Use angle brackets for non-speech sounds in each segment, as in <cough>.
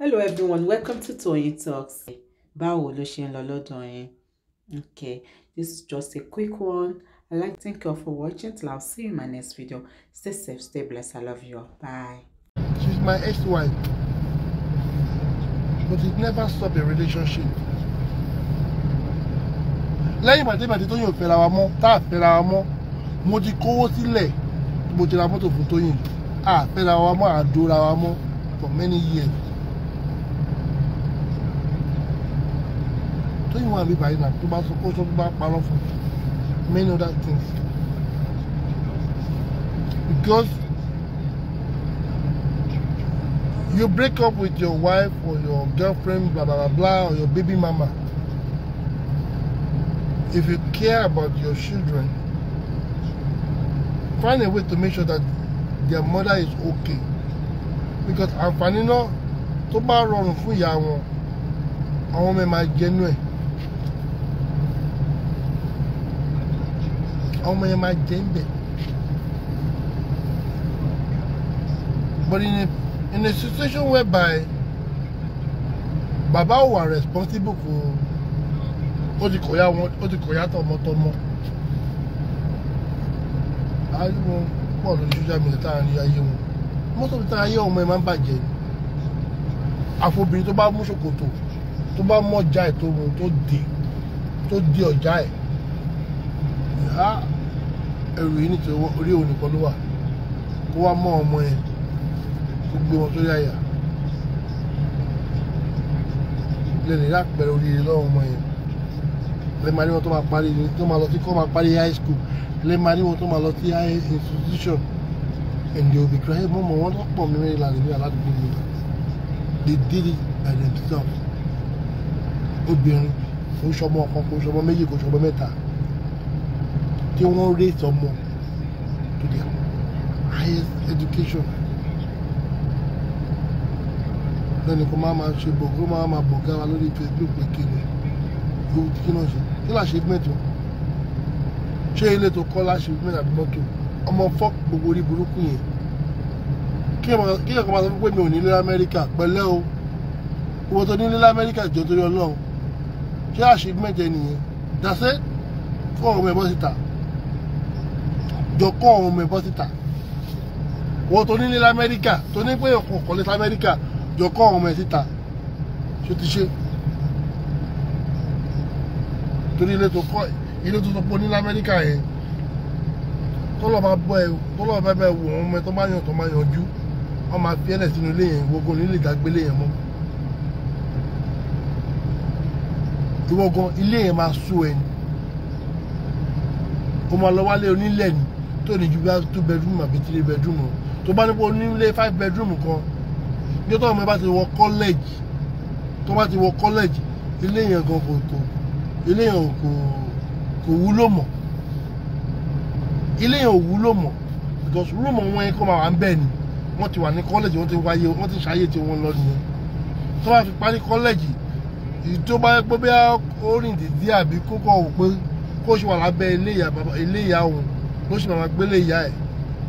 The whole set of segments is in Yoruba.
hello everyone welcome to Toyeen Talks báwo ló ṣe ń lọ lọ́dọ̀ yín okay this is just a quick one i like to thank you all for watching till i'll see you in my next video stay safe stay blessed i love you all bye. she's my ex-wife but it never stop a relationship lẹ́yìn ìgbà tí ìgbà tí Tóyìn ò fẹ́ra wa mọ́ tá a fẹ́ra wa mọ́ mo ti kówó sílẹ̀ mo ti ra mọ́tò fún Tóyìn a fẹ́ra wa mọ́ àdóra wa mọ́ for many years tẹ́yìn wà bíbá yìí náà tó bá sọ kó sọ bá parọ́ fún many other things because you break up with your wife or your girlfriend blah blah blah, blah or your baby mama if you care about your children find a way to make sure that their mother is okay because I'm náà tó to rọrùn fún ìyá wọn àwọn ọmọ ẹ máa jẹnu ọmọ yẹn máa jẹ ń bẹ̀ but in a in a situation whereby Baba ò responsible for ó ti kọ̀yà wọn ó ti kọ̀yà tọmọtọmọ ariwo pọ̀ lórí social media tá à ń rí ayé wọn most of the time ayé ọmọ ẹ máa ń bàjẹ́ ni àfobìnrin tó bá mú ṣòkòtò tó bá mú ọjà ẹ̀ tó mú tó di tó di ọjà ẹ̀ á ẹrù yìí nítorí orí òun nìkan ló wà kó wá mọ́ ọmọ yẹn kó gbé wọn sórí àyà lẹ́nu ìyá àpẹẹrẹ oríire lọ́wọ́ ọmọ yẹn lẹ́ẹ̀ máa ní wọn tó máa parí tó máa lọ sí kó máa parí high school lẹ́ẹ̀ máa ní wọn tó máa lọ sí high institution and they will be crying mọ́mọ́ wọn tó pọ̀ mímẹ́rin lànà ní aládùúgbò mi they did it by themselves obìnrin kò sọmọ ọkàn kò sọmọ méjì kò sọmọ mẹ́ta tí wọ́n raise ọmọ to the highest education lẹ́nu kan máa máa ṣe bọ̀gá máa máa bọ̀gá wa lórí Facebook pé kí ni owó tí kí náà ṣe kí là ṣe mẹ́tò ṣé ilé tó kọ́ láṣẹ mẹ́tò àbí mọ́tò ọmọ fọ́ọ̀k gbogbo orí burúkú yẹn kí ẹ̀kọ́ máa sọ pé mi ò nílé Amẹ́ríkà pẹ̀lẹ́ o owó tó nílé Amẹ́ríkà jọ torí Ọlọ́run ṣé àṣẹ mẹ́tò nìyẹn dàsẹ́ fún ọmọ ẹ̀bọ́n jọ kọ́ àwọn ọmọ ẹ bọ́ síta wọ́n tó nílé lamẹ́ríkà tó ní pé ọkọ̀ ọ̀kọ̀ lé lamẹ́ríkà jọ kọ́ àwọn ọmọ ẹ síta ṣó ti ṣe torí ilé tó kọ́ ilé tó tó pọ̀ ní lamẹ́ríkà yẹn tọ́lọ́ bá bọ́ ẹ tọ́lọ́ bá bẹ́ẹ̀ wọ̀ ọmọ ẹ tó máa yàn tó máa yanjú wọ́n máa fi ẹlẹ̀ sínú ilé yẹn gbogbo nílé ìdágbélé yẹn mọ́ ìwọ ilé yẹn máa sú ẹni ó máa lọ wálé onílẹ̀ ni tó ní ju two bedroom àbí three bedroom tó bá nípa onílé five bedroom kan ní tó ọmọ ẹ bá ti wọ college tó bá ti wọ college ilé yẹn gan kò kò ilé yẹn kò kò wúlò mọ́ ilé yẹn ò wúlò mọ́ because wúlò mọ́ wọn yẹn kó máa wà ń bẹ̀ ni wọ́n ti wà ní college wọ́n ti wáyé wọ́n ti ṣàyè tí wọ́n lọ nìyẹn tó bá fi parí college tó bá yẹ pé bí ó rìn dìde àbí kókó ò pé kó ṣe wà lábẹ́ ilé ìyá òun bó ṣe máa gbélé ìyá ẹ̀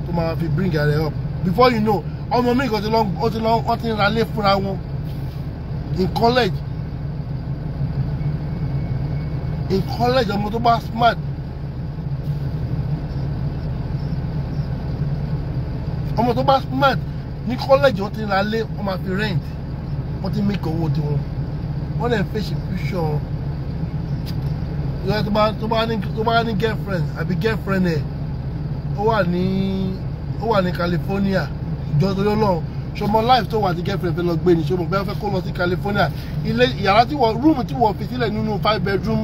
tó máa fi bring her up before you know ọmọ mi nǹkan ti lọ ó ti lọ ó ti ń ralé fúnra wọn in college in college ọmọ tó bá smart ọmọ tó bá smart ní college wọn ti ń ralé wọn máa fi rent wọn ti make owó tiwọn wọn lè fèsì píṣọ ìyá tó bá ní girlfriend àbí girlfriend ẹ̀ ó wà ní ó wà ní California ìjọ torí Ọlọ́run ṣọmọ life tó wà ní girlfriend fẹ́ lọ gbé ni ṣọmọ bẹ́ẹ̀ fẹ́ kó lọ sí California ilé yàrá tí wọ́n room tí wọ́n fi sílẹ̀ nínú five bedroom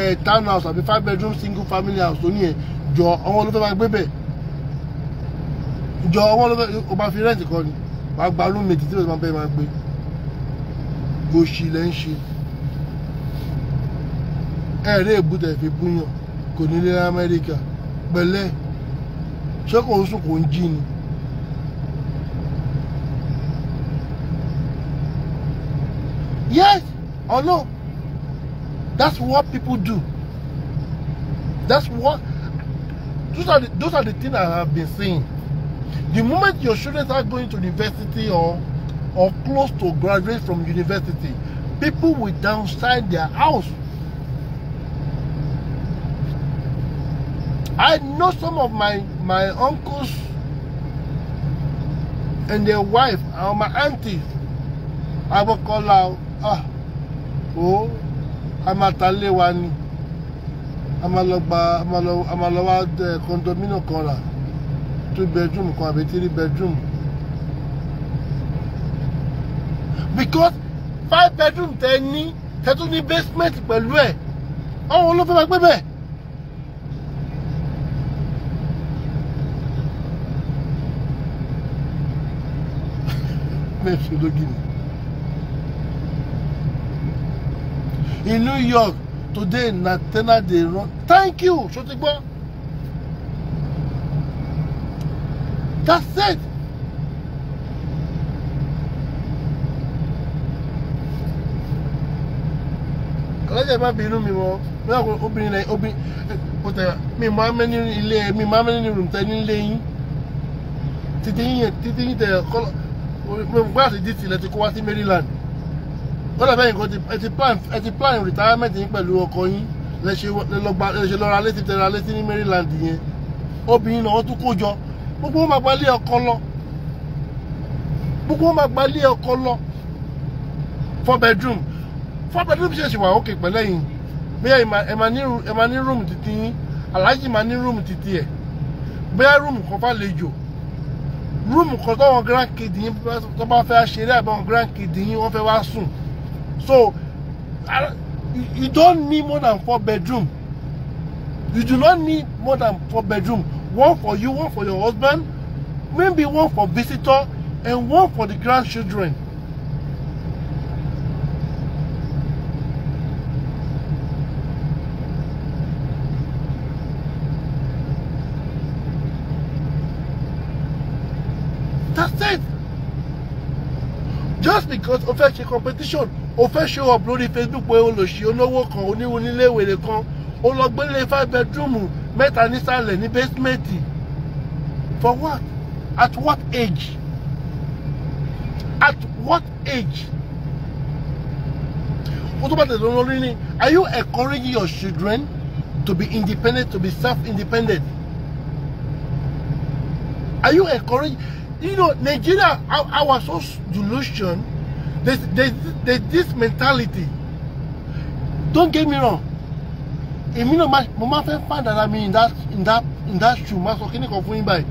eh, town house àbí five bedroom single family house tó nìyẹn jọ àwọn ló fẹ́ máa gbé bẹ̀ jọ àwọn ló fẹ́ o máa fi rent kọ́ ni wàá gba roommate tí wọ́n máa bẹ́ẹ̀ máa gbé gbòòṣì lẹ́ ń ṣe ẹ̀ẹ́dẹ́gbùtẹ̀ fi búyàn kò ní lé Amẹ́ríkà ṣé kò ń sùn kò ń jí ni. yes or no that's what people do that's what those are the those are the things i have been seeing. the moment your children start going to university or or close to graduate from university people will downsize their house I know some of my, my uncles and their wife or my aunties. I will call out, ah, oh, I'm at Alewani. I'm a logba, I'm a lo, I'm a lo the condominium caller, Two bedroom, kan three bedroom. Because five bedroom tẹ́ ní, tẹ́ tún basement pẹ̀lú ẹ̀. Àwọn olófẹ́ máa gbé bẹ́ẹ̀. mẹ́fin lójú mi in New York today na they run thank you sotigbo that's it ọlọ́jà má bínú mi mọ́ bẹ́ẹ̀ obìnrin náà obìnrin kò tẹ̀ mi máa mẹ́ nínú ilé mi máa mẹ́ nínú ìrùntẹ́ nílé yín títí yín tẹ̀ kọ́lọ́ gbáàsì dt lẹ ti kó wá sí Maryland wọ́n dàbẹ́ nǹkan ẹ ti plan retirement yín pẹ̀lú ọkọ yín lẹ ṣe lọ́ra létí tẹ̀ra létí ní Maryland yẹn obìnrin náà wọ́n tún kó jọ gbogbo wọn máa gba ilé ọkọ lọ gbogbo wọn máa gba ilé ọkọ lọ four bedroom four bedroom ṣe ṣe wà ókè pẹ̀lẹ́ yìí bóyá ẹ máa ní room títí yín aláàjì máa ní room títí ẹ̀ bóyá room kan fà lè jò. Room kan táwọn grand kid yín tó bá fẹ́ ṣeré àbáwọn grand kid yín wọ́n fẹ́ wá sùn so you don't need more than four bedroom you do not need more than four bedroom one for you one for your husband maybe one for visitor and one for the grandchildren just because o fẹ́ ṣe competition o fẹ́ show up lórí facebook pé o lò ṣe olówó kan oníwòníléwèrè kan o lọ gbélé five bedroom mẹ́ta nísàlẹ̀ ní basement for what at what age at what age o tó bá tẹ̀lé lórí ni are you encouraging your children to be independent to be self-independent are you encouraging you know Nigeria our I was so There's, there's, there's this mentality. Don't get me wrong. Èmi náà mo my fẹ́ find that I'm in that in that in that shoe máa sọ kíní kan by.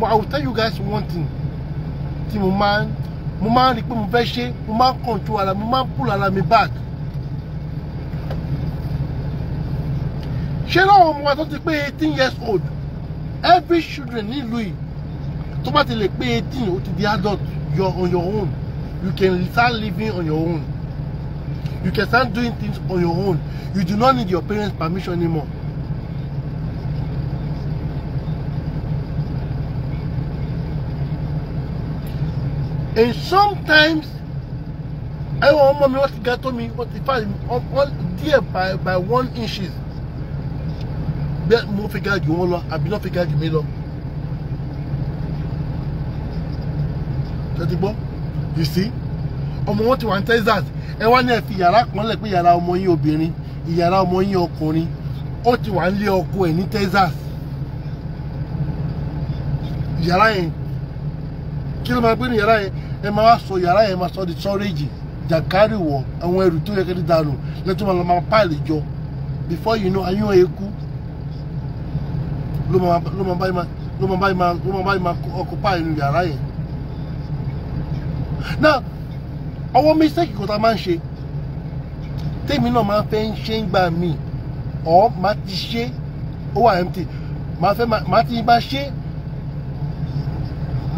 But I will tell you guys one thing. Tí mo máa mo máa rí pé mo fẹ́ ṣe mo máa control ara mi mo máa pull ara mi back. Ṣé láwọn ọmọ wa tó ti pé eighteen years old every children nílùú yìí tó bá ti lè pé eighteen the ti di adult you're on your own you can start living on your own you can start doing things on your own you do not need your parents permission anymore and sometimes I àwọn ọmọ mi wọ́n ti ga tó mi wọ́n I'm all there by by one inches bẹ́ẹ̀ mo fi ga jù wọ́n lọ àbí náà fi ga jù mí lọ you see ọmọ wọn ti wà ní Texas ẹ wá ní ẹ fi yàrá kan lẹ̀ pé yàrá ọmọ yín obìnrin ìyàrá ọmọ yín ọkùnrin ó ti wà nílé ọkọ ẹ̀ ní Texas yàrá yẹn kí ló máa gbé ní yàrá yẹn ẹ máa sọ yàrá yẹn máa sọ di storage jàkárì wọ àwọn ẹrù tó yẹ kí n dànù lẹ́tọ́ máa lọ máa pààlì jọ before you know ayún eku ló máa báyìí máa ọkọ̀ pààlì nínú yàrá yẹn now ọwọ́ mistake kan tá a máa ń ṣe tèmi náà máa fẹ́ ń ṣe ń gbà mí ọ̀ máa ti ṣe ó wà empty máa fẹ́ máa ti máa ṣe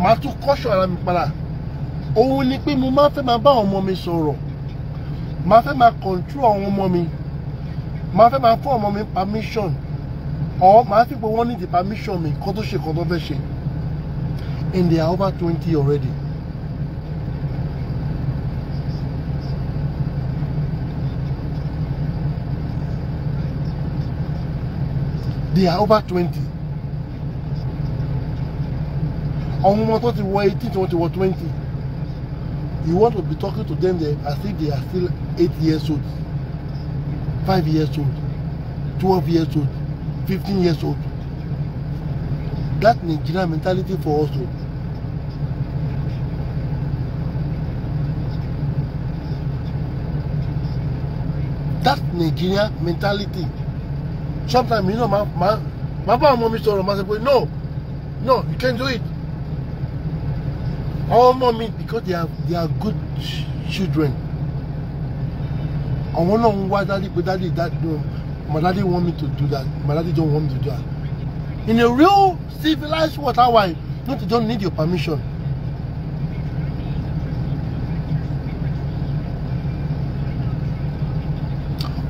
máa tún kọ́ṣọ̀ ara mi padà òun ni pé mo máa fẹ́ máa bá àwọn ọmọ mi sọ̀rọ̀ máa fẹ́ máa control àwọn ọmọ mi máa fẹ́ máa fún ọmọ mi permission ọ̀ máa fi pé wọ́n ní the permission mi kó tó ṣe kó tó fẹ́ ṣe and they are over twenty already they are over twenty On ọmọ tó ti wọ eighteen tí wọ́n twenty you want to be talking to them there as if they are still eight years old five years old twelve years old fifteen years old that Nigerian mentality for us too. that Nigerian mentality sometimes you know ma my ma bá ọmọ mi sọ̀rọ̀ ma sọ no no you can't do it àwọn ọmọ mi because they are they are good children I náà ń wá dádì daddy. dádì no my daddy want me to do that my daddy don't want me to do that in a real civilized world how i no don't need your permission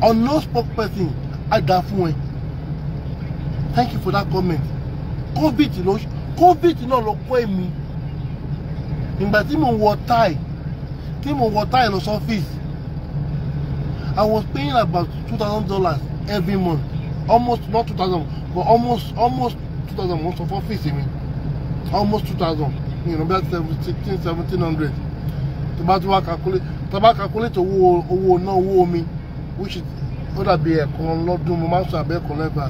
unknown person á dáa fún ẹ thank you for that comment covid ló covid náà ló kọ́ èmi ìgbà tí mò ń wọ tie tí mò ń wọ tie lọ sí ọ́fíìsì I was paying about two thousand dollars every month almost not two thousand but almost almost two thousand mo sọ fún ọ́fíìsì mi almost two thousand you know about sixteen seventeen hundred tó bá tó wá calculate tó bá calculate owó owó náà owó omi which is ó dàbí ẹ̀kan lọ́dún mo máa ń sàbẹ̀ ẹ̀kan lẹ́bà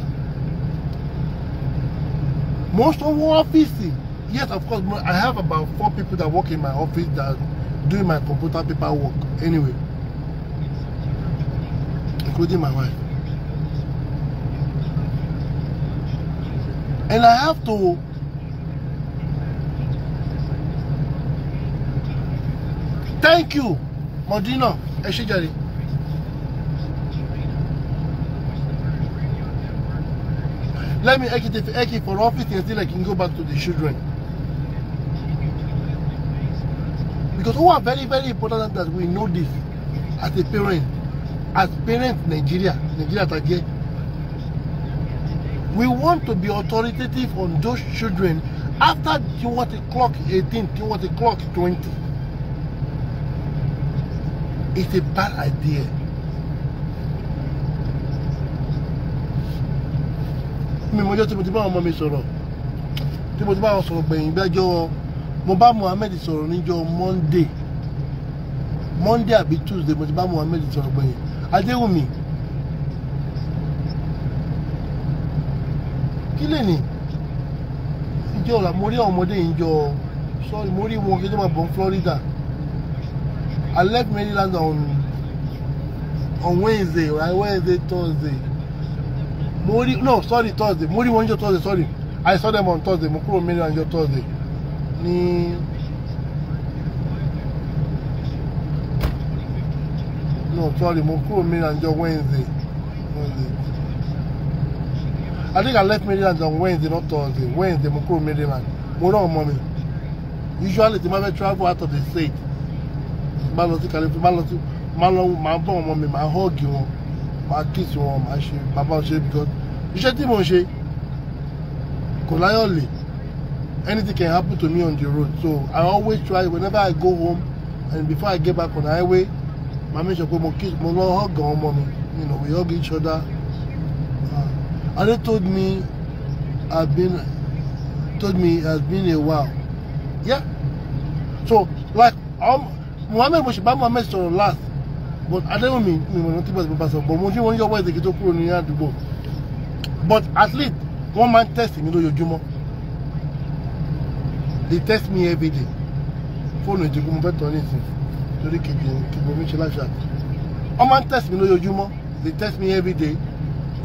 Most of sanwó ọ́fíìsì yes of course I have about four people that work in my office that do my computer paper work anyway including my wife and I have to thank you Modina ẹ ṣé jàre. let me Eki for office until I can go back to the children. Because who are very, very important that we know this as a parent, as parents Nigeria, Nigeria Taje. We want to be authoritative on those children after what clock 18, what clock 20. It's a bad idea. mi tí mo ti bá ọmọ mi sọ̀rọ̀ tí mo ti bá àwọn sọ̀rọ̀ gbẹ̀yìn gbẹ́jọ́ mo bá Mohammed sọ̀rọ̀ níjọ́ Monday Monday àbí Tuesday mo ti bá Mohammed sọ̀rọ̀ gbẹ̀yìn Adéwùmí kí lè ní ìjọ ọ̀la mo rí ọmọdé yìí jọ sorry mo rí wọn kí ló máa bọ̀ Florida I left Maryland on on Wednesday right Wednesday Thursday mo rí no sorry thursday mo rí wọn jọ thursday sorry i saw them on thursday mo kúrò mẹ́rin ọjọ́ thursday ní. no sorry mo kúrò mẹ́rin ọjọ́ wednesday wednesday i think i left maryland on wednesday not thursday wednesday mo kúrò maryland mo rán ọmọ mi usually tí ma fẹ́ travel out of the state ma lọ sí california ma lọ sí ma lọ ma bọ́ ọmọ mi ma hug wọn ma kiss wọn ma ṣe bàbá ṣe because iṣẹ́ tí mò ń ṣe kò láyọ̀ lè anything can happen to me on the road so I always try whenever I go home and before I get back on the highway my mi sọ pé mo kiss mo lọ hug àwọn ọmọ mi you know we hug each other uh, Ade told me I've been told me it has been a while yeah so like um, Muhammed mo ṣe bá Muhammed sọ̀rọ̀ last but Adéwùmí mi mo rántí bá ti bá sọ but mo ṣe wọn yọ wá ìdèkì tó kúrò ní àdúgbò but at least wọ́n máa ń test mi lójoojúmọ́ they test me every day fóònù ìdìbò mo fẹ́ tọ́ ní to the kejì kejì omi ṣe láṣà wọ́n máa ń test mi lójoojúmọ́ they test me every day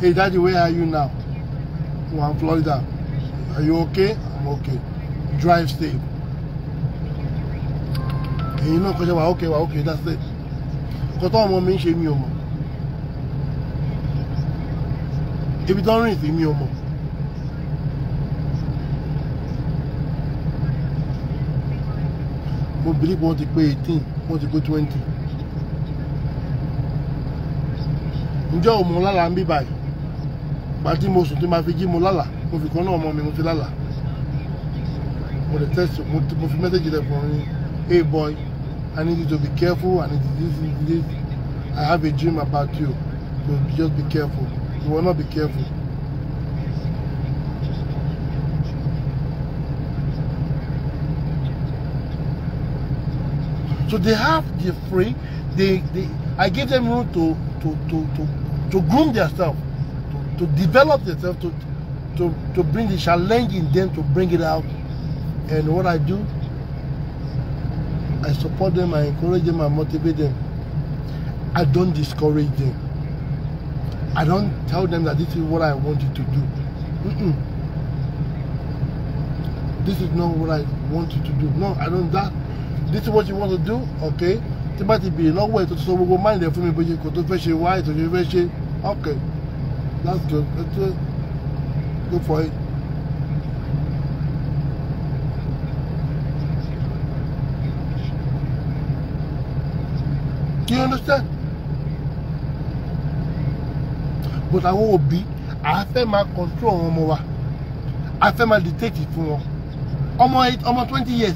hey daddy where are you now oh i'm Florida are you okay i'm okay drive safe You know, kọjá wà okay okay that's it kọ́tọ́ all my ń ṣe mi ò mọ̀. ibi tó ń rìn sí mi ò mọ̀. mo believe wọ́n ti pé eighteen wọ́n ti pé twenty. ǹjẹ́ o mọ̀ lálàá ń bí báyìí pàtí mo sùn tí ma fi jí mo lálàá mo fi kan náà ọmọ mi mo fi lálàá mo lè test mo fi mẹ́sẹ̀gì rẹ̀ fún mi hey boy I need you to be careful I need you to do this I have a dream about you so just be careful you will not be careful. So they have the free, they, they I give them room to to to to, to groom themselves, to, to develop themselves, to to to bring the challenge in them to bring it out. And what I do, I support them, I encourage them, I motivate them. I don't discourage them. I don't tell them that this is what I want you to do. Mm -mm. This is not what I want you to do. No, I don't that. This is what you want to do, okay? Tí bá ti bèrè lọ́wọ́ ètò ìṣòro gbogbo máa ń lè fún mi bóyá kò tó fẹ́ ṣe wá ètò ìṣòro fẹ́ okay that's good that's good Good for it. Do you understand? but àwọn òbí à fẹ́ máa control àwọn ọmọ wa à fẹ́ máa dictate fún wọn ọmọ ọmọ twenty years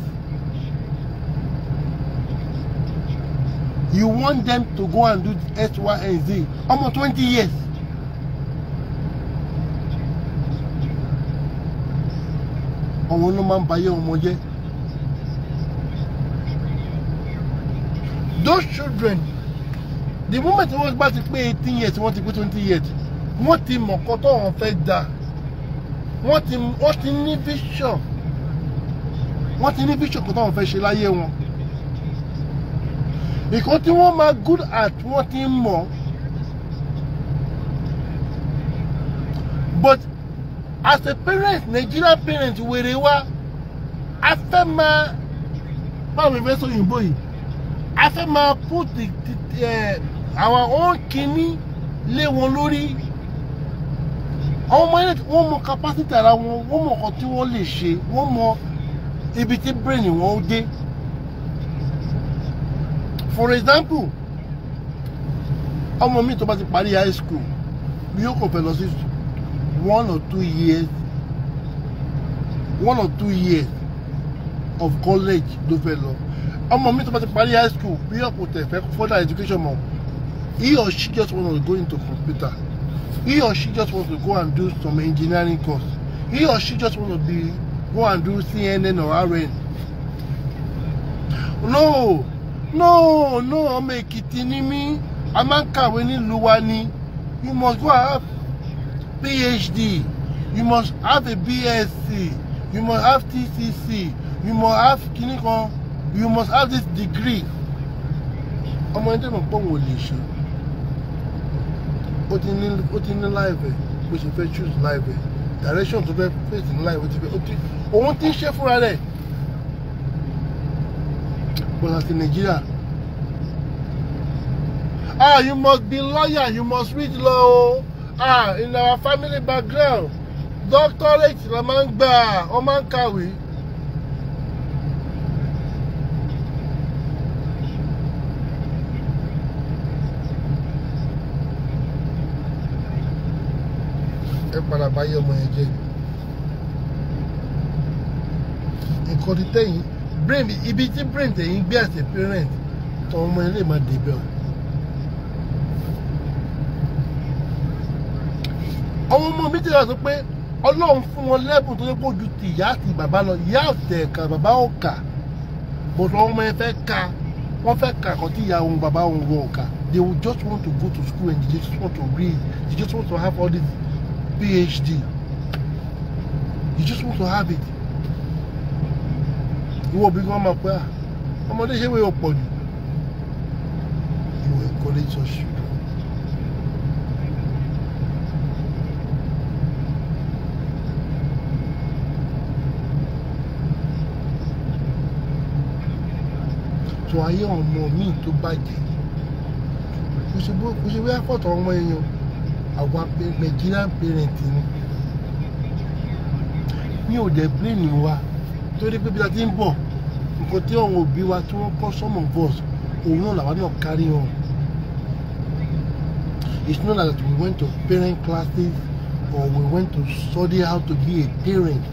you want them to go and do the x y and z ọmọ twenty years àwọn ló máa ń bayé ọmọ jẹ́ those children the moment wọ́n bá ti pé eighteen years wọ́n ti pé twenty years wọ́n ti mọ̀ kọ́ tó wọ́n fẹ́ dà wọ́n ti wọ́n ti ní vision wọ́n ti ní vision kọ́ tó wọ́n fẹ́ ṣe láyé wọn nǹkan tí wọ́n máa good at wọ́n ti ń mọ̀ but as a parent Nigerian parent wèrè wa a fẹ́ máa báwo ni fẹ́ sọ òyìnbó yìí a fẹ́ máa put the, the uh, àwọn òun kìíní lé wọn lórí àwọn ọmọ ilé wọn mọ capacity ara wọn wọn mọ nǹkan tí wọn lè ṣe wọn mọ ibi tí brain wọn ó dé for example ọmọ mi tó bá ti parí high school mi yóò kò fẹ́ lọ sí one or two years one or two years of college ló fẹ́ lọ ọmọ mi tó bá ti parí high school bí ọ̀pọ̀ tẹ̀ fẹ́ further education mọ̀ he or she just wants to go into computer he or she just wants to go and do some engineering course he or she just wants to be go and do CNN or RN no no no I'm a máa me. I'm nílùú wa ni you must go have PhD you must have a BSc you must have TCC you must have kìnnìkan you must have this degree I'm ẹni tó mọ̀ pé òun ó ti ní ó ti ní láìpẹ́ bó ṣe fẹ́ choose láìpẹ́ direction tó fẹ́ face ní láìpẹ́ ó ti fẹ́ ó ti òun ti ń ṣe fúnra rẹ̀ but àti Nàìjíríà ah you must be lawyer you must read law ah in our family background doctorate la máa ń gbà ọ máa ń kàwé. padà báyé ọmọ yẹn jẹ́ nǹkan ti tẹ̀yìn brain ibi tí brain tẹ̀yìn gbé as parent tọ́ ọmọ yẹn lè má débẹ̀ o. àwọn ọmọ mi ti rà sọ pé ọlọ́run fún wọn lẹ́bùn tó yẹ kó ju ti ìyá àti bàbá lọ ìyá ọ̀tẹ̀ ẹ̀ka bàbá ọ̀kà bọ̀dọ̀ ọmọ yẹn fẹ́ ka wọ́n fẹ́ ka àkọ́ tí ìyá òun bàbá òun wọ̀ ọ̀ka they just want to go to school and they just want to read they just want to have all these PhD. You just want to have it. You will become a prayer. ọmọdé here with ọ̀pọ̀ jù you will encourage such children. tún ayé ọmọ míì tó bàjẹ́ kò ṣe bí àpọ̀tọ̀ ọmọ èèyàn àwọn Nigerian parent ni mi ò dẹ̀ blame wa torí pé bí a ti ń bọ̀ nǹkan tí àwọn òbí wa tí wọ́n kọ́ some of us òun náà làwa náà carry on it's not that we went to parent classes or we went to study how to be a parent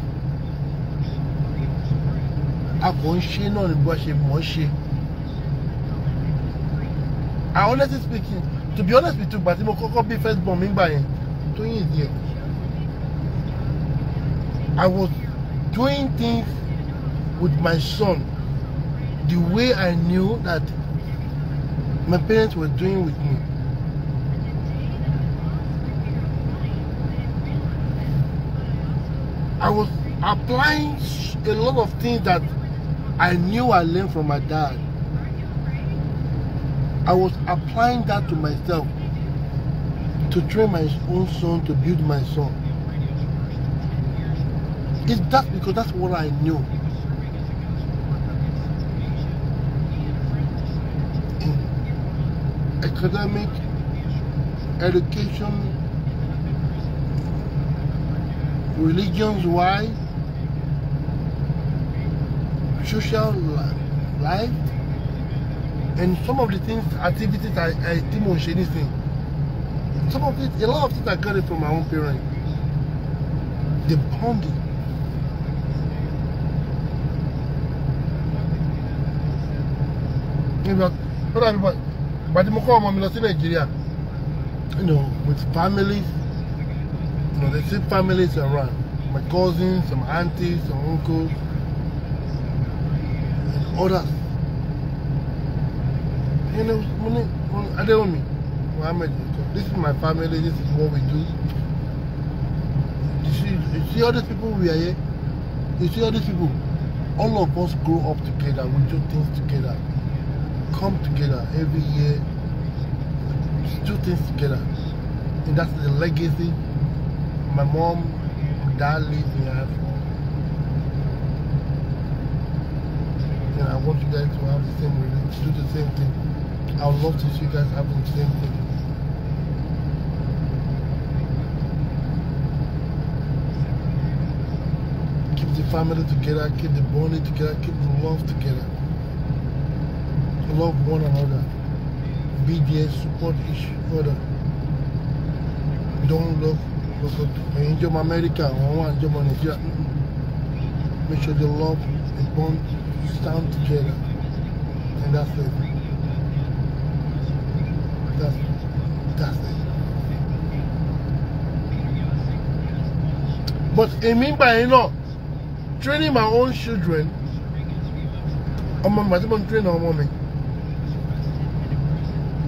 a kò ń ṣe náà ní bó ṣe mọ̀ ọ́ ṣe honestly speaking to be honest with you gbà tí mo kọ́kọ́ bí first born mi gbà yẹn tó yìn díẹ̀ I was doing things with my son the way I knew that my parents were doing with me. I was applying a lot of things that I knew I learned from my dad. I was applying that to myself to train my own son, to build my son. It's that because that's what I knew. academic, education, religions wise, social life, and some of the things activities I, I tí mò ń ṣe some of it a lot of things I got it from my own parents the bonding but tó dàbí but the ọmọ mi lọ sí Nàìjíríà you know with families you know they see families around my cousins some aunties some uncles and others ẹni mo ní adéwòmí Muhammed nǹkan this is my family this is what we do you see you see all these people we are here you see all these people all of us grow up together we do things together come together every year do things together and that's the legacy my mom dad leaves me have and I want you guys to have the same, do the same thing. I would love to see you guys having the same thing. Keep the family together, keep the bonding together, keep the love together. Love one another. Be there, support each other. Don't look, look up. Enjoy America, or enjoy Nigeria. Make sure the love and bond stand together. And that's it. Nothing. Nothing. But èmi gbà yín know, training my own children I'm a àti mo ń train ọmọ mi.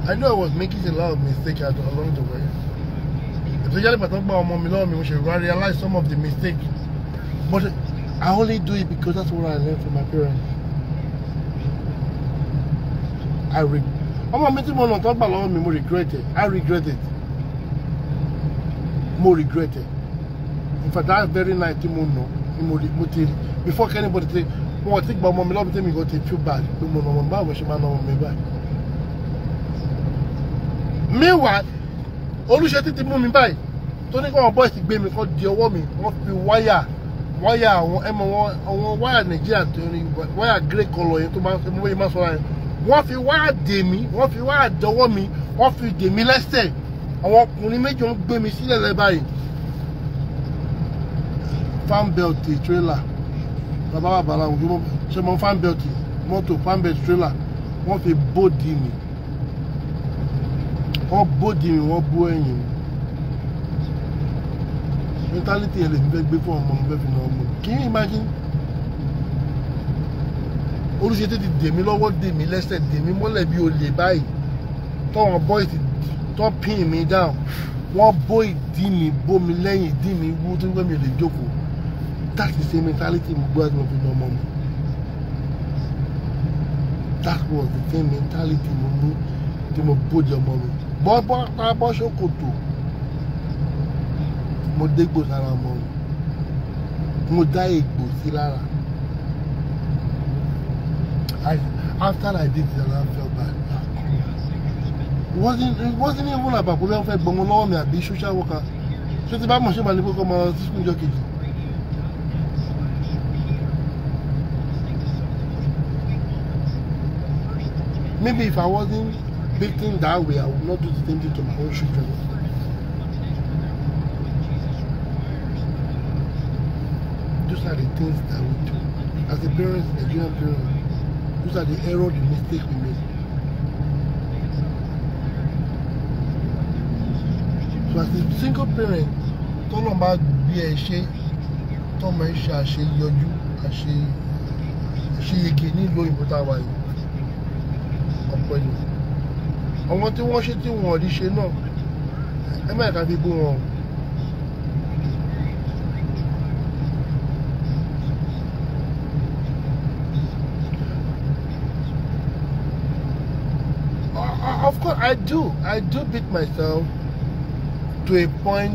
I know I was making a lot of mistakes along the way. Especially by talking about mi lọ́wọ́ mi, we should realize some of the mistakes. But I only do it because that's what I learned from my parents. I regret ọmọ mi tí mo nà tán gbà lọ́wọ́ mi mo regret it I regret it mo regret it in fact that very night tí mo nà mo ti before anybody ti wọn ti gba ọmọ mi lọ́bi tẹ́mi kan ti feel bad pé mo nà ọmọ mi báwo ṣe máa nà ọmọ mi báyìí. meanwhile olùṣe títí mú mi báyìí tó ní kí àwọn boys gbé mi kọ́ di ọwọ́ mi wọ́n fi wáyà wáyà àwọn ẹ̀mọ wọn àwọn wáyà nàìjíríà tó ní wáyà grey colour yẹn tó máa ń mú bẹ́ẹ̀ máa sọ ara yẹn wọ́n fi wá dè mí wọ́n fi wá dọwọ́ mi wọ́n fi dè mí lẹ́sẹ̀ àwọn ọkùnrin méjì ń gbé mi sílẹ̀ lẹ́ báyìí fanbelt trailer bàbá bàbá làwọn ojú ṣe mọ fanbelt mọ́tò fanbelt trailer wọ́n fi bóòdì mi wọ́n bóòdì mi wọ́n bó ẹ̀yìn mi mentality ẹ̀ lè fẹ́ gbé fún ọmọ mi fẹ́ fi nà ọmọ mi kì í imagine. Olúṣètè ti dè lọ́wọ́ dè lẹ́sẹ̀ dè mọ́lẹ̀ bí olè báyìí tọ́wọ́n boys ti tọ́ pin mi down wọ́n bó ìdí mi bó mi lẹ́yìn ìdí mi wú tó ń gbé mi lè jókòó that is the mentality mo gbé àti mo fi ọmọ mi that was the same mentality mo mú tí mo bójú ọmọ mi bọ́bọ́ tábọ́ ṣòkòtò mo dégbò sára ọmọ mi mo dá ègbò sí lára I, after I did it I felt bad. It wasn't, it wasn't even about bóyá fẹ́ gbọ́n lọ́wọ́ mi àbí social worker. Ṣé ti bá mọ̀ ṣé màá ní kókó ọmọ sísun ìjọ kejì? Maybe if I wasn't beaten that way, I would not do the same thing to my own children. Those are the things that we do. As a parent, Nigerian parent, Those are the error, the mistake we made. So as a single parent, tọ́lọ̀ máa gbé ẹ ṣe tọ́mọ ẹ ṣe àṣeyọjú àṣeyege nílùú òyìnbó tá a wà yìí ọ̀pọ̀ ènìyàn. Àwọn tí wọ́n ṣe tí wọ́n rí ṣe náà ẹ má ẹ̀ka fi bú wọn o. of course I do. I do beat myself to a point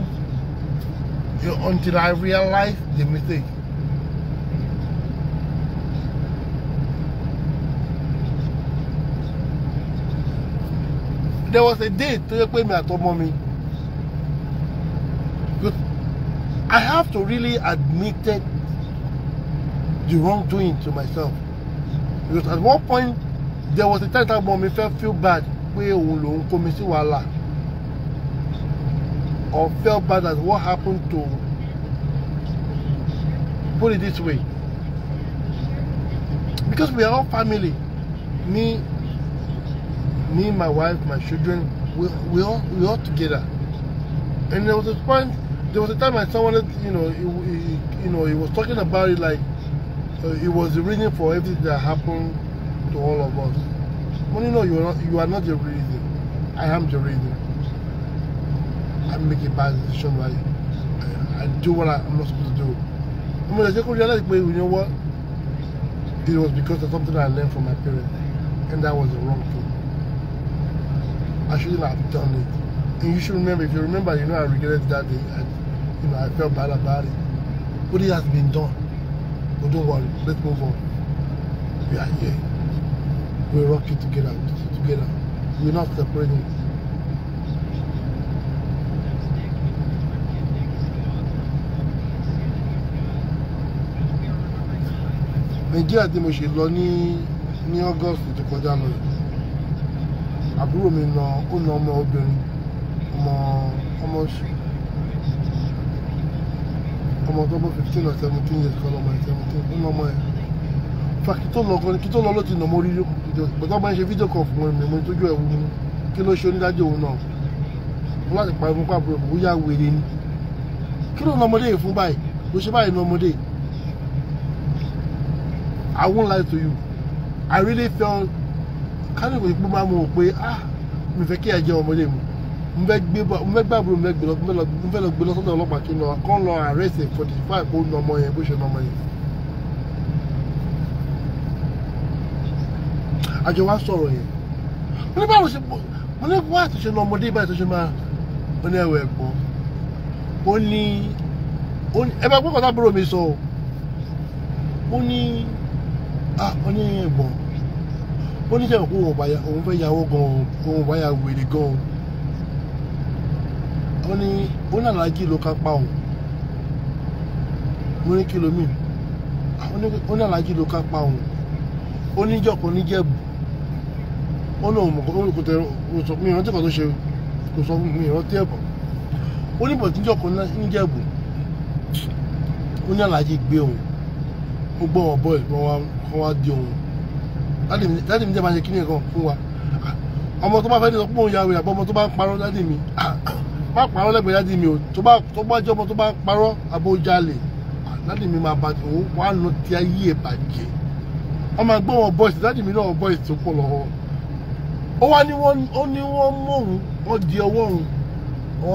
you know, until I realize the mistake. There was a day tó yẹ pé mi àtọmọ mi. I have to really admit it, the wrongdoing to myself. Because at one point, there was a time that mommy felt feel bad pé òun lòun kó mi sí wàhálà or felt bad at what happened to put it this way because we are all family me me my wife my children we we all we all together and there was a point there was a time I someone you know he, he, you know he was talking about it like uh, it was the reason for everything that happened to all of us Only no, you are not, you are not your reason. I am your reason. I make a bad decision. Like I, I do what I, I'm not supposed to do. I mean, I just realize, but you know what? It was because of something I learned from my parents, and that was the wrong thing. I shouldn't have done it. And you should remember. If you remember, you know I regretted that day. I, you know I felt bad about it. But it has been done. But don't worry. Let's move on. We are here. We work it together, together. We're not separating. Nàìjíríà tí mo ṣe lọ ní ní August tó kọjá lọ yìí àbúrò mi na ó na ọmọ obìnrin ọmọ ọmọ oṣù ọmọ tó bọ́ fifteen or seventeen years kan lọ́mọ ẹ̀ seventeen ó na ọmọ ẹ̀ fa kí tó lọ gan ni kí tó lọ ló ti nà mọ́ rírí kù fídíò pẹ̀lú ọmọ ṣe fídíò kan fún mi mo tójú ẹ̀wù mi kí ló ṣe onídàájọ́ òun náà mo láti parí mo pàbùrọ̀ mo yá wèrè ni kí ló ń ọmọdé yìí fún báyìí mo ṣe báyìí ní ọmọdé I won't lie to you I really feel. kánú ìwé pé máa mọ̀ ọ́ pé ah mi fẹ́ kí ẹ jẹ́ ọmọdé mi mo fẹ́ gbé àbúrò mi fẹ́ gbé lọ sọ́dọ̀ ọlọ́pàá kí n lọ kán lọ arrest ẹ̀ five kó nà ọmọ yẹn bó ṣe nà ọmọ yẹn. àjọ wa sọ̀rọ̀ yẹn mo ní báwo ṣe mo ní wá àtúnṣe ní ọmọdé báyìí tó ṣe máa ó ní ẹwẹ ẹ̀gbọ́n ó ní ó ní ẹbẹ pé kọta búrò mi sọ ó ní à ó ní ẹ̀gbọ́n ó ní sẹ́wọ̀n kó òun fẹ́ yàwó gan-an òun bá yà wèrè gan-an ó ní ó ní aláàjì ló kápá òun mo ní kí ló mì ó ní aláàjì ló kápá òun ó ní jọ̀kọ́ níjẹ̀bù ó lóun mọ̀ olùkùtẹ̀ òsọ mi ìrántí kan tó ṣe kò sọ fún mi ìrántí ẹ̀bọ̀ ó ní bọ̀tí ìjọkọ̀ níjẹ̀bù ó ní àlàyé gbé òun ó gbọ́ wọn bọ́ọ̀lù wọn wá wọn wá di òun dáàdì mi jẹ́ máa ṣe kíní ẹ̀kan fún wa ọmọ tó bá fẹ́ ní sọ pé òun ya wèrè àbọ̀ ọmọ tó lẹ́gbẹ̀ẹ́ dáàdì mi o tó bá tó bá jẹ́ tó bá parọ́ àbọ̀ jalè mi máa bàjẹ́ òun wà á ti ayé ẹ̀ bàjẹ́ ọmọ ẹgbẹ́ wọn bọ́ọ̀sì dáàdì mi náà bọ́ọ̀sì tó pọ̀ lọ́wọ́ ó wá ní wọ́n ó ní wọ́n mọ̀rún wọ́n di ọwọ́ òun wọ́n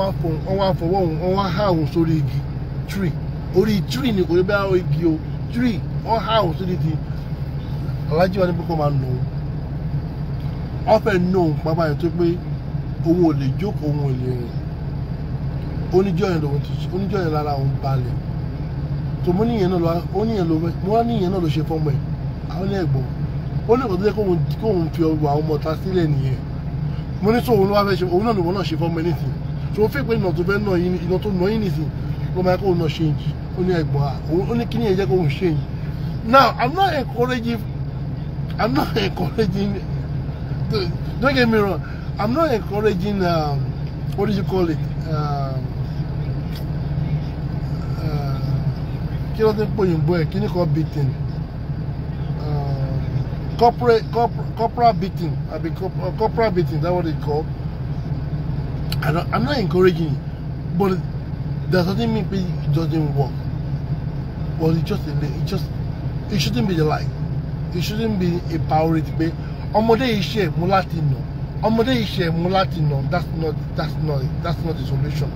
wá fọwọ́ òun wọ́n wá há òun sórí igi tree orí tree ni kò ní bẹ́ẹ̀ igi o tree wọ́n há òun sórí ti alájí wa ní pé kó máa nù òun wọ́n fẹ́ nù òun pàápàá yẹn tó pé òun ò lè jókòó òun ò lè rìn oníjọ́ yẹn lòun ti oníjọ́ yẹn lára òun balẹ̀ tó níyẹn náà lọ ṣe fọ́mọ ẹ̀ àwọn ẹ̀gbọ́n ó ní nǹkan tó jẹ́ kóun kóun fi ọgbà àwọn ọmọ ta sílẹ̀ nìyẹn mo ní sọ ló wá fẹ́ ṣe òun náà ni wọ́n náà ṣe fọ́mọ anything so ó fẹ́ pé iná tó fẹ́ náà yín iná tó náà yín nìsín ló máa kóun náà change ó ní ẹ̀gbọ́n à ó ní kíní ẹ̀jẹ̀ kóun change now i'm not encouraging i'm not <laughs> encouraging don't get me wrong i'm not encouraging um, what do you call it um, uh, kí ló ti ń pòyìnbó ẹ̀ kí ni kò bìtìn corporate corporal, corporal beating. I've been corporal, uh, corporal beating. That's what they call. I don't, I'm not encouraging it, but that doesn't mean it doesn't work. Well, it just it just it shouldn't be the like. It shouldn't be a priority. But ọmọdé iṣẹ́ mu láti nà ọmọdé iṣẹ́ mu láti nà that's not that's not that's not the solution.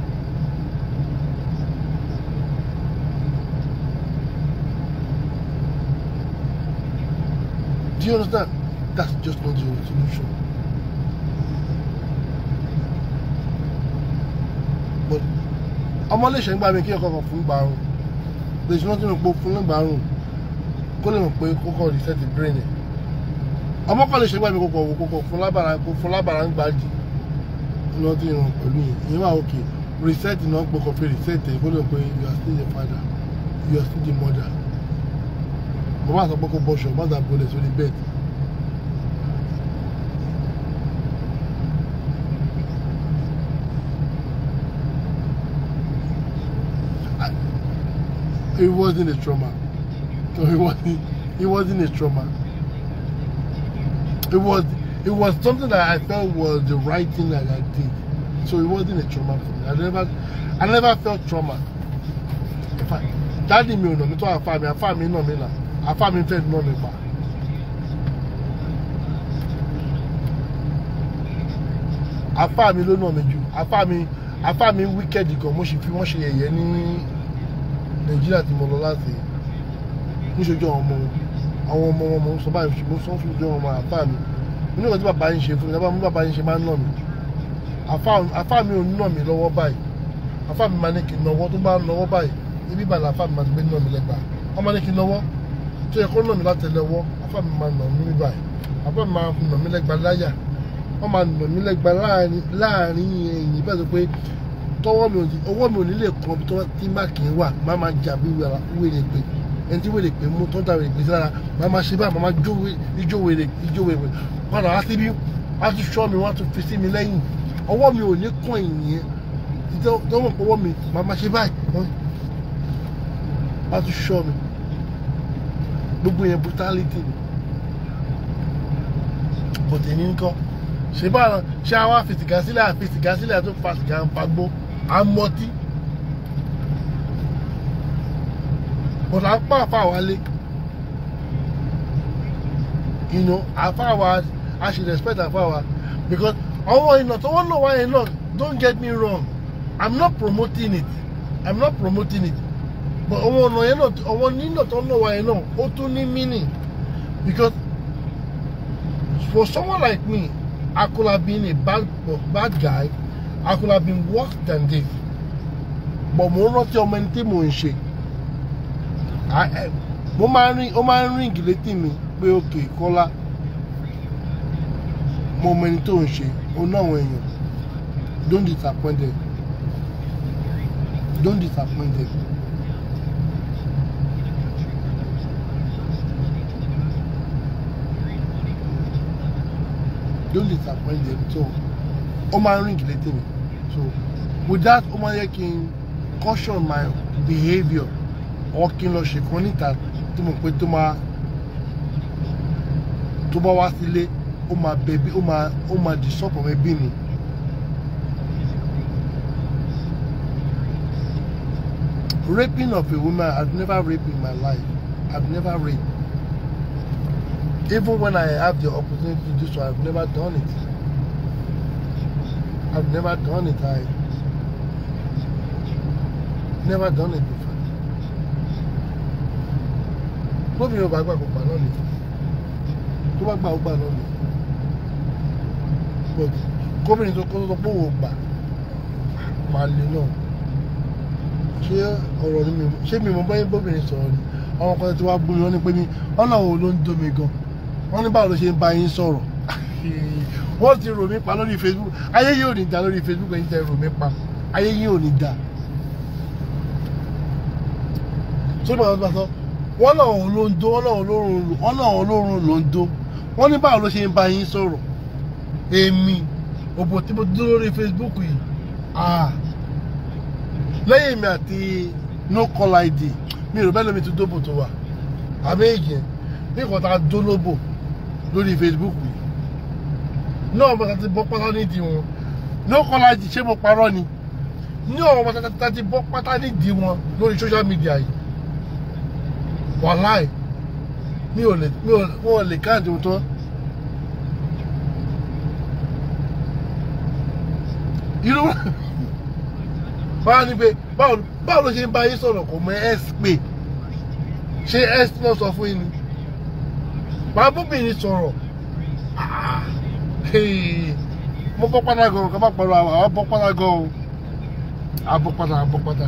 Do you understand? That's just not the solution. But I'm only saying ń gbà mí kí ọkọ̀ kan fún gbàrún lè ṣe lọ́tí mi pò fún gbàrún kó lè mọ̀ pé kókó reset brain I'm ọmọ kan lè ṣe ń gbà mí kókó wò kókó fún lábàrá kó fún lábàrá ń gbàdì lọ́tí ìràn pẹ̀lú yìí ìyẹn wà reset náà pọ̀ kọ́ fi reset you are still the father you are still the mother mo bá sọ pé kó bọ́ṣọ má dà bolè sórí bẹ́ẹ̀dì. It wasn't a trauma. No, it wasn't. It wasn't a trauma. It was. It was something that I felt was the right thing that I did. So it wasn't a trauma for me. I never, I never felt trauma. In fact, daddy mi ò nà mí tó àfa mi, àfa mi nà mí nà afámi tẹ́lẹ̀ náà nípa. afámi ló nà mí jù afámi afámi wíkẹ́ẹ̀dì gan mo sì fi wọ́n ṣe yẹ̀yẹ́ ní nàìjíríà tí mo lọ láti níṣojú àwọn ọmọ àwọn ọmọ wọn mo sọ báyìí mo sọ fún ojú ọmọ afámi nínú ìgbà tí bàbá yín ṣe fún mi lábàámu bàbá yín ṣe máa ń nà mí afámi ò nà mí lọ́wọ́ báyìí afámi máa ní kí n nọwọ́ tó bá nọwọ́ báyìí ibi bàlá afámi máa ti gbé nà mí lẹ́gbàá wọ́n máa ní kí n nọwọ́ tó yẹ kó nà mí látẹ́lẹwọ́ afá mi máa nà mí níbàyí afá mi máa nà mí lẹ́gba láyà wọ́n máa nà mí lẹ́gba láàrin ẹ̀yìn bẹ́ẹ̀ sọ pé tọwọ́ mi ò ní ọwọ́ mi ò ní lè kọ́ bí tọ́wọ́ tí má wà má máa jà bí wèrè pé ẹni tí wèrè pé mú tọ́jà wèrè pé sára má máa ṣe báyìí má máa jó wèrè jó wèrè padà wá síbí wá tún ṣọ́ mi wá tún fi sí mi lẹ́yìn ọwọ́ mi ò ní kàn ìyẹn tọ́wọ́ mi má máa ṣe báyìí wá tún ṣọ́ mi gbogbo yẹn brutality ni but èyí ń kọ́ ṣe bá wọn ṣé àwa fi sìgá sílẹ̀ àfi sìgá sílẹ̀ àti fa sìgá ń pa gbó à ń mọtí but à ń pa àfa wálé you know àfa wa I should respect àfa wa because ọwọ́ iná tó wọ́n lò wáyé náà don't get me wrong I'm not promoting it I'm not promoting it àwọn ọ̀nà yẹn náà àwọn nínà tó ń lọ wa yẹn náà ó tún ní meaning because for someone like me I could have been a bad bad guy I could have been worse than this but mo rántí ọmọ ẹni tí mò ń ṣe mo máa ń rí ó máa ń ríǹgì létí mi pé òkè kọ́lá mo mọ ẹni tó ń ṣe ó ná àwọn èèyàn don't disappoint them don't disappoint them. don't disappoint them so ó máa ń rìn ìdílé so with that ó can caution my behavior. Walking kí n lọ ṣèkan níta tó mọ̀ to my máa tó bá wá sílé ó máa bẹbí ó máa ó raping of a woman I've never raped in my life I've never raped Even when I have the opportunity to do so, I've never done it. I've never done it. I never done it before. Lóbi yóò bá gbà kó gbà náà ni. Tó But coming tó the pé my little, máa lè náà. Ṣé ọ̀rọ̀ ni mi ṣé mi mọ to gómìnà sọ̀rọ̀ ni? Àwọn kan ti wá gbóyún ọ́ ní pé ní Ọlọ́run wọ́n ní báwo ló ṣe ń bá yín sọ̀rọ̀ wọ́n ti rò mí pa lórí facebook ayé yìí ò ní da lórí facebook ẹ̀yin tẹ́ rò mí pa ayé yìí ò ní da sódì wọn bá sọ wọ́n lọ́wọ́ ló ń do wọ́n lọ́wọ́ ló ń lò wọ́n lọ́wọ́ ló ń lò ń do wọ́n ní báwo ló ṣe ń bá yín sọ̀rọ̀ èmi òbò tí mo dúró lórí facebook yìí lẹ́yìn mi àti no call id mi ò rò bẹ́ẹ̀ lómi ti dóbò tó wà àbẹ́yẹ̀ bí kò tá a dó lóbò lórí Facebook yìí náà mo ti bọ́ pátá nídìí wọn lókọ́lájì ṣé mo parọ́ ni ní ọ̀rọ̀ mọ́tàtà ti bọ́ pátá nídìí wọn lórí social media yìí wàláì mi ò lè mi ò lè káàdì ohun tó. irú wọn á ní pé báwo ló ṣe ń bá yín sọ̀rọ̀ kò mọ ẹ́ pé ṣé ẹ́ sọ fún yín ni máa bóbìnrin sọ̀rọ̀ mo bọ́ padà gan ká má pẹ̀lú àwọn àwọn bọ́ padà gan o àbọ̀ padà àbọ̀ padà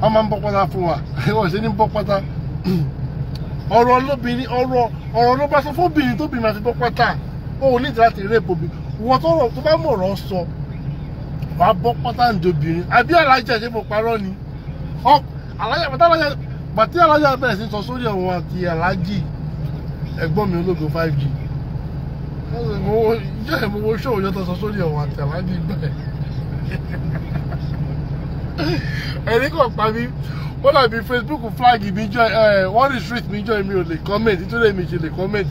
wọ́n máa ń bọ́ padà fún wa <laughs> wọ́n ṣe ní bọ́ padà ọ̀rọ̀ lóbìnrin ọ̀rọ̀ ọ̀rọ̀ ló bá sọ fóbìnrin tóbìnrin máa fi bọ́ padà ó ò ní ìdílé àti eré ìbòmí wọ́n tó tó bá mọ̀ ọ̀rọ̀ sọ wàá bọ́ padà ń dobìnrin àbí alájà ṣe mo parọ́ ni alájà pátá alájà bàtí alájà bẹ̀rẹ̀ sí sọ sórí ọ̀hún àti alájì ẹ̀gbọ́n mi ológo 5G jẹ́ ìmọ̀wó ṣòwò yọ tó sọ sórí ọ̀hún àti alájì bẹ̀rẹ̀ ẹ̀rí kan pa mí ó dàbí Facebook flag mi jọ wọ́n rí street mi jọ èmi ò lè comment nítorí èmi ṣe lè comment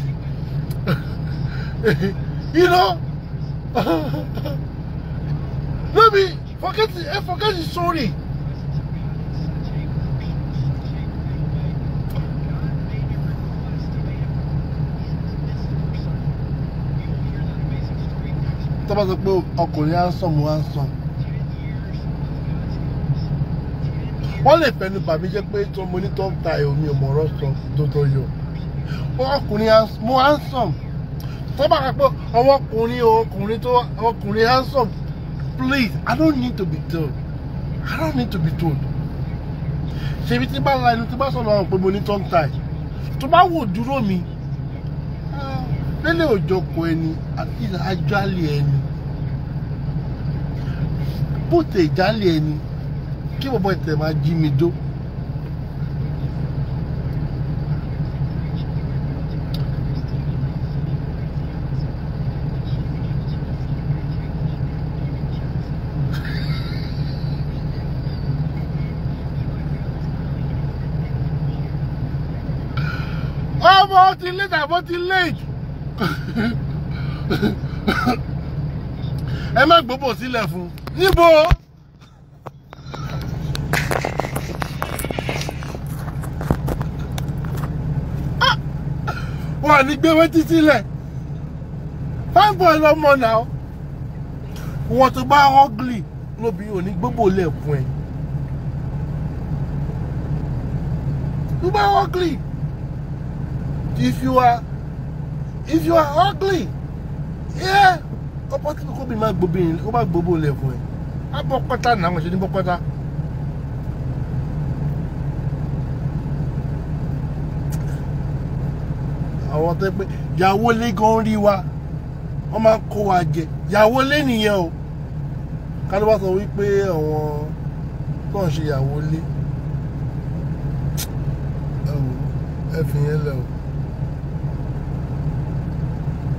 you know <laughs> no be forget forget the story. tó bá sọ pé ọkùnrin handsome mo handsome wọ́n lè fẹnu bàmí jẹ́ pé tó mo ní tó ń ta omi ò mọ̀ọ́rọ́ sọ tó tó yọ ọkùnrin mo handsome tó bá kà pé ọwọ́ ọkùnrin ọkùnrin tó ọkùnrin handsome please I don't need to be told I don't need to be told ṣèbí tí bá la ẹnu tí bá sọ̀rọ̀ àwọn pé mo ní tó ń ta ẹ̀ tó bá wò dúró mi lélẹ̀ òjọkùn ẹni àti àjálẹ̀ ẹni bóte ìjálẹ̀ ẹni kí bọ̀bọ̀ ìtẹ̀ máa jí mi dó. ọmọ ó ti late àbó ti late ẹ má gbóbò sílẹ̀ fún níbo. wà ní gbéwé títí lẹ̀ fine boy lọ́mọ náà wọ́n tó bá ọ́gìlì lóbi òní gbóbò lẹ̀kùn ẹ̀. tó bá ọ́gìlì if you are if you are ugly yeah opportunity kò bí máa gbobìnrin kó bá gbogbo lẹ́kùn ẹ̀ á bọ́ pátá náà wọ́n ṣe ní bọ́ pátá. àwọn tó pé yàwó lé gan rí wa wọ́n máa kó wa jẹ yàwó lé nìyẹn o kálí wá sọ wípé àwọn tó ń ṣe yàwó lé ẹ fi yẹn lẹ o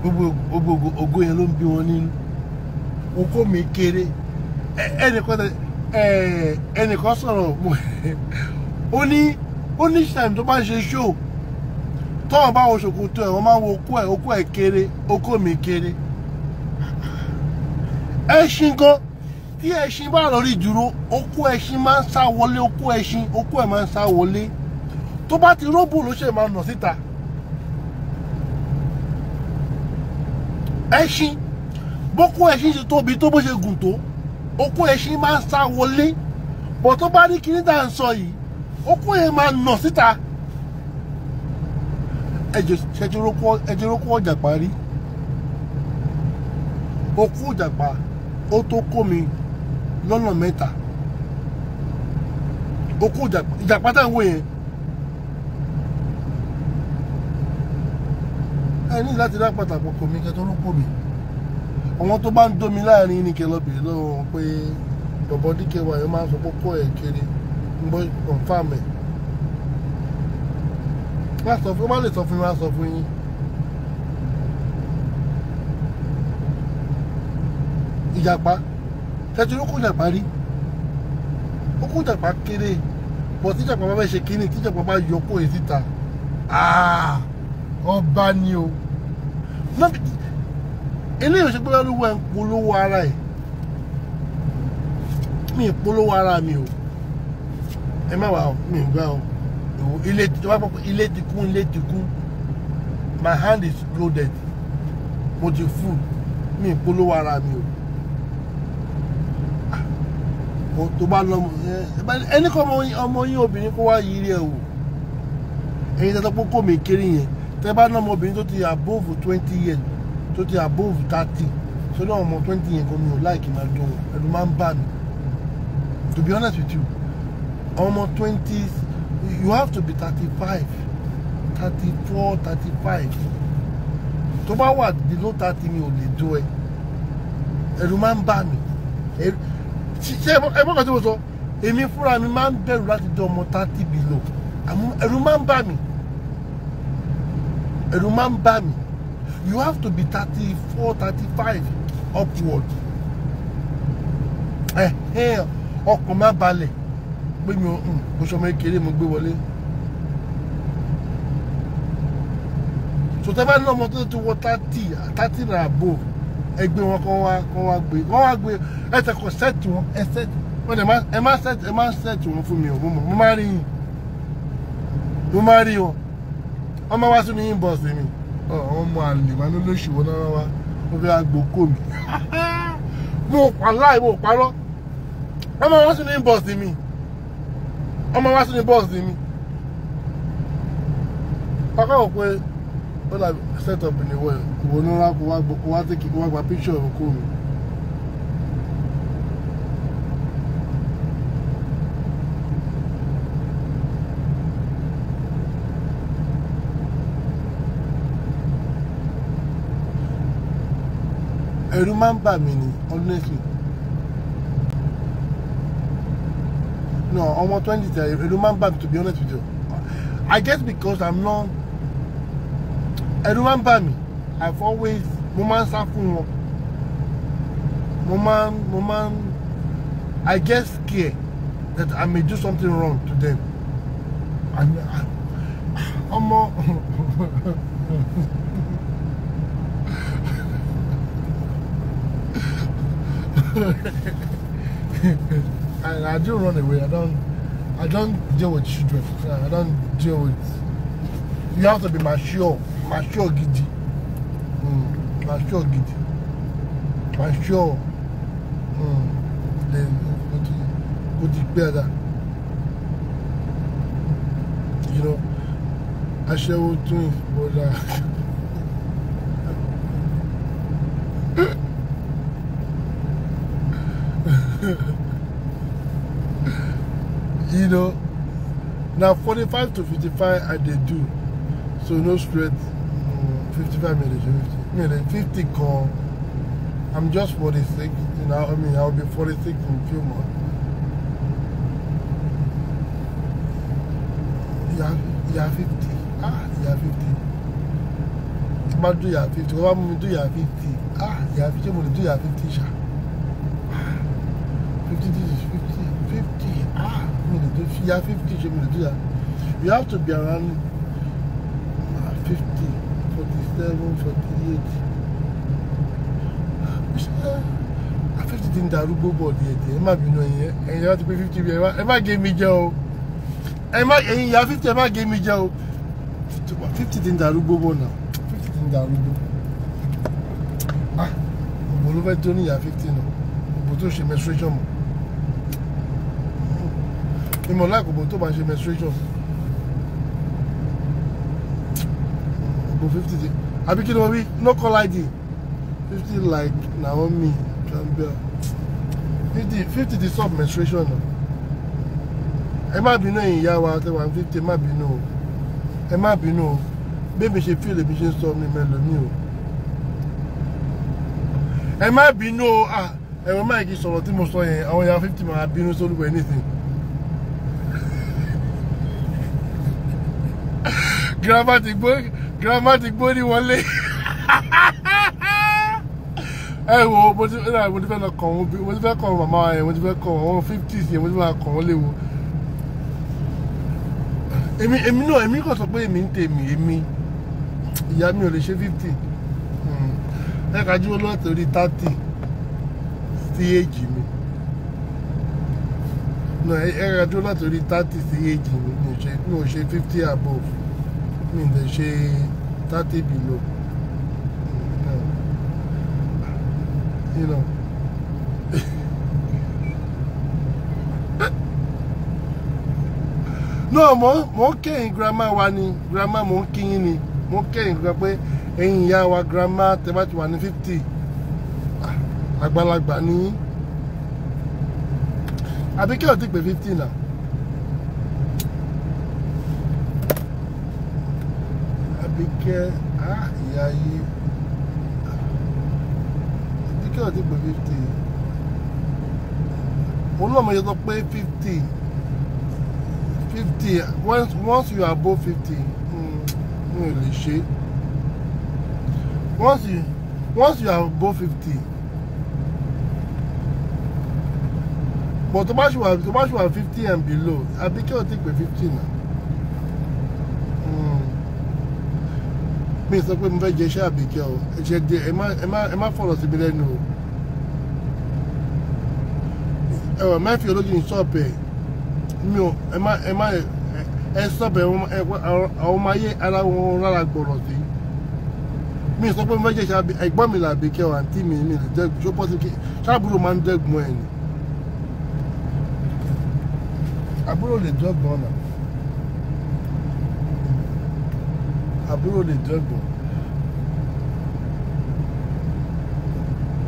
gbogbo ògo yẹn ló ń bí wọn nínú okó mi kéré ẹnìkan sọ̀rọ̀ <laughs> ó ní ó ní ṣàìmù tó bá ń ṣe ṣó tọ́wọ́ bá wo ṣòkòtò ẹ̀ wọ́n máa ń wo okó ẹ̀ okó ẹ̀ kéré okó mi kéré ẹṣin gan tí ẹṣin bá lórí dúró okó ẹṣin máa ń sá wọlé okó ẹṣin okó ẹ̀ máa ń sá wọlé tó bá ti róbò ló ṣe máa nà síta. ẹṣin bókún ẹṣin ṣe tóbi tó bó ṣe gùn tó okùn ẹṣin máa ń sá wọlé bọ̀ tó bá ní kíní tá à ń sọ yìí okùn yẹn máa nà síta ẹjẹ rókú ọ̀jàpá rí okùn ọ̀jàpá ó tó kó mi lọ́nà mẹ́ta okùn ìjàpá tá à ń wò yẹn ẹ ní láti dá pàtàkì kò mí kẹ tó ló pò mí àwọn tó bá ń domi láàrin ní kẹlọbì lọ́wọ́ pé bọ̀bọ̀ díkẹ́ wa yẹn máa ń sọ pé kó ẹ̀ kiri ń bọ́ confam ẹ̀ wọ́n sọ fún wọ́n lè sọ fún yín wọ́n sọ fún yín ìjàpá tẹ́tí ó kú ìjàpá rí ó kú ìjàpá kéré bọ̀ tíjàpá bá fẹ́ ṣe kíní tíjàpá bá yọ kó èyí síta aaa ọba ni o eléyìí ò ṣe pé lọ́wọ́ ẹ̀ ń polówó ara ẹ̀ mi ì polówó ara mi o ẹ má wà mí gbà o ilé tí pọ̀ ilé ti kún ilé ti kún my hand is loaded mo ti full mi ì polówó ara mi o ah, tó bá lọ ẹni kọ́ ọmọ yín obìnrin kó wá yiri ẹ̀ wò ẹ̀yin tẹ́tọ́ pé kò mí kéré yẹn tẹ́ bá náà ọmọbìnrin tó ti above twenty years tó ti above thirty tó náà ọmọ twenty yẹn kò mi ò láìkì máa dùn wọn ẹ̀rù máa ń bà mí to be honest with you ọmọ twenty you have to be thirty five thirty four thirty five tó bá wà below thirty mi ò lè do ẹ ẹ̀rù máa ń bà mí ṣe ẹ mọ̀ kàn tí mo sọ èmi fúnra mi máa ń bẹ̀rù láti dé ọmọ thirty below ẹ̀rù máa ń bà mí. Remember, máa you have to be thirty four thirty five upward ọkàn má balẹ̀ pé mi ò hmm, mo ṣọmọ kékeré mo gbé wọlé sọtẹ́ bá ní ọmọ tó ti wọ thirty thirty naira above ẹgbẹ́ wọn kọ́ wá kọ́ wá gbé wọ́n wá gbé ẹsẹ̀ kọ́ sẹ́ẹ̀tì wọn ẹsẹ̀ wọ́n dẹ̀ ẹ má sẹ́ẹ̀tì wọn fún mi ò mo mọ̀ mo má rí yín mo má rí wọn. ọmọ wa sínú inbox mi ọ̀hún mọ àlè wọn lóṣùwọ̀n náà wá mo fi <laughs> mo ọmọ wa sínú inbox mi ọmọ wa sínú inbox mi pápá pé ó set up ni wọ́n kò wọ́n náà kó wá gbọ́ kó wá tẹ́kì kó wá gba ẹ̀rù máa ń bà mí ni honestly no ọmọ twenty tẹ ẹ̀rù máa ń bà mí to be honest with you I guess because I'm not ẹ̀rù máa ń bà mí I've always mo máa ń sá fún wọn mo máa ń mo máa ń I get scared that I may do something wrong to them and uh, ọmọ I, <laughs> I do run away. I don't. I don't deal with children. I don't deal with. You have to be mature, mature gidi, mm, mature gidi, mature. Then go to better. You know, I share with you. but. <laughs> you know, now 45 to 55 I dey do. So no straight um, 55 minutes, 50 minutes, 50 call. I'm just 46, you know, I mean, I'll be 46 in a few months. Yeah, yeah, 50. Ah, yeah, 50. bá dúyà fifty kọ́ bá do you have 50? ah ìyá fifty mo do you have 50? this, 50, 50. Ah, I'm going to do, 50, I'm going to do that. You have to be around uh, 50, 47, 48. Uh, 50 ti ń darúgbó bọ̀ díẹ̀ díẹ̀, ẹ má bínú ẹ̀yin ẹ̀yin láti pé 50 bí ẹ má gé mi jẹ́ o. Ẹ̀yin ìyá 50 ẹ má gé mi jẹ́ o. 50 ti ń darúgbó bọ̀ náà, 50 ti ń darúgbó. Ah, òbò ló fẹ́ tó ní ìyá 50 náà, òbò tó ṣe menstruation mọ́ ni mo láì kòbó tó bá ṣe menstruation kòbó fifty day àbí kí ni wọ́n wí no call id fifty like Naomi Campbell fifty fifty dey stop menstruation o ẹ má bínú ẹ̀yin ìyá wa tẹ́ wà fifty ẹ má bínú o ẹ má bínú o bébè ṣe fíìlì bí ṣe ń sọ mi mẹlòmí o ẹ má bínú o ah, ẹ̀rọ máìkì sọ̀rọ̀ tí mo sọ yẹn àwọn ìyá fifty máa bínú sólùkọ́ anything. girama ti gbó girama ti gbó ní wọlé <laughs> ẹ wo mo ti ẹ mo ti fẹ́ lọ kàn wọ́n mo ti fẹ́ kàn màmá yẹn mo ti fẹ́ kàn wọ́n fifties yẹn mo ti fẹ́ kàn wọ́n léwu èmi èmi náà èmi kò sọ pé èmi ń tèmi èmi ìyá mi ò lè ṣe fifty hmm. ẹ ká dúró lọ́wọ́ torí thirty sí èjì mi ẹ ká dúró lọ́wọ́ torí thirty sí èjì mi mi ò ṣe fifty above mi lè ṣe thirty below you know. <laughs> no mo mo in grandma wa grandma mo ń kí yín ni mo kẹ́yìn gbọ́ pé ẹ̀yin ìyá wa grandma tẹ́ bá ti wà ní fifty àgbàlagbà ni yín àbíkẹ́ ò ti pé fifty náà. kẹ́ á ìyá ayé kíkẹ́ ò ti pé fifty òun náà mo yẹ sọ pé fifty fifty once once you are above fifty hmm, mi ò lè ṣe once you once you are above fifty but tó bá ṣe wà fifty and below àbí kí ò ti pé fifty náà. mi sọ pé mo fẹ́ jẹ iṣẹ́ àbíkẹ́ o ẹ ṣe jẹ ẹ má fọ̀rọ̀ sí mi lẹ́nu o ẹ wà má fi olójú ní ṣọ́ọ̀bù ẹ̀ mi ò ẹ má ẹ má ẹ ṣọ́ọ̀bù ẹ̀ àwọn ọmọ ayé ara wọn rárá gbọ̀rọ̀ sí mi sọ pé mo fẹ́ jẹ iṣẹ́ àbíkẹ́ ẹ̀gbọ́n mi làbíkẹ́ o àǹtí mi mi lè dẹ́gun ṣó pọ́sibú ṣáàbùrò máa ń dẹ́gun ẹ̀ ni àbúrò lè dọ́gbọ́n náà. àbúrò lè dẹ́gbọ̀n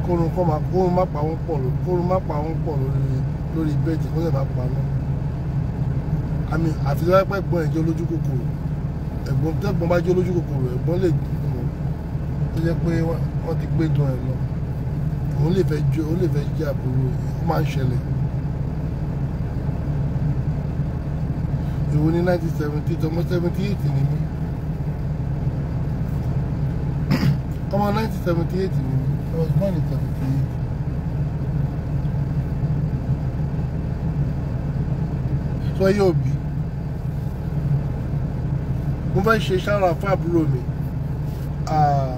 kórun kọ́ máa kórun má pa wọ́n pọ̀ lórí kórun má pa wọ́n pọ̀ lórí lórí bẹ́ẹ̀dì kó lè má pa náà àmì àfi lọ́wọ́ pẹ́ gbọ́n ẹ̀jẹ̀ olójú kòkòrò ẹ̀gbọ́n tẹ́gbọ́n bá jẹ́ olójú kòkòrò ẹ̀gbọ́n lè dùn ún tó jẹ́ pé wọ́n ti gbé dùn ẹ̀ lọ òun lè fẹ́ jẹ́ òun lè fẹ́ jẹ́ àbúrò ó máa ń ṣẹlẹ̀ ìwo ní 1970 ọmọ 78 ni mí. ọmọ 1978 I was born in 78. sọ yóò bí mo fẹ́ ṣe ṣára fún àbúrò mi. Ah.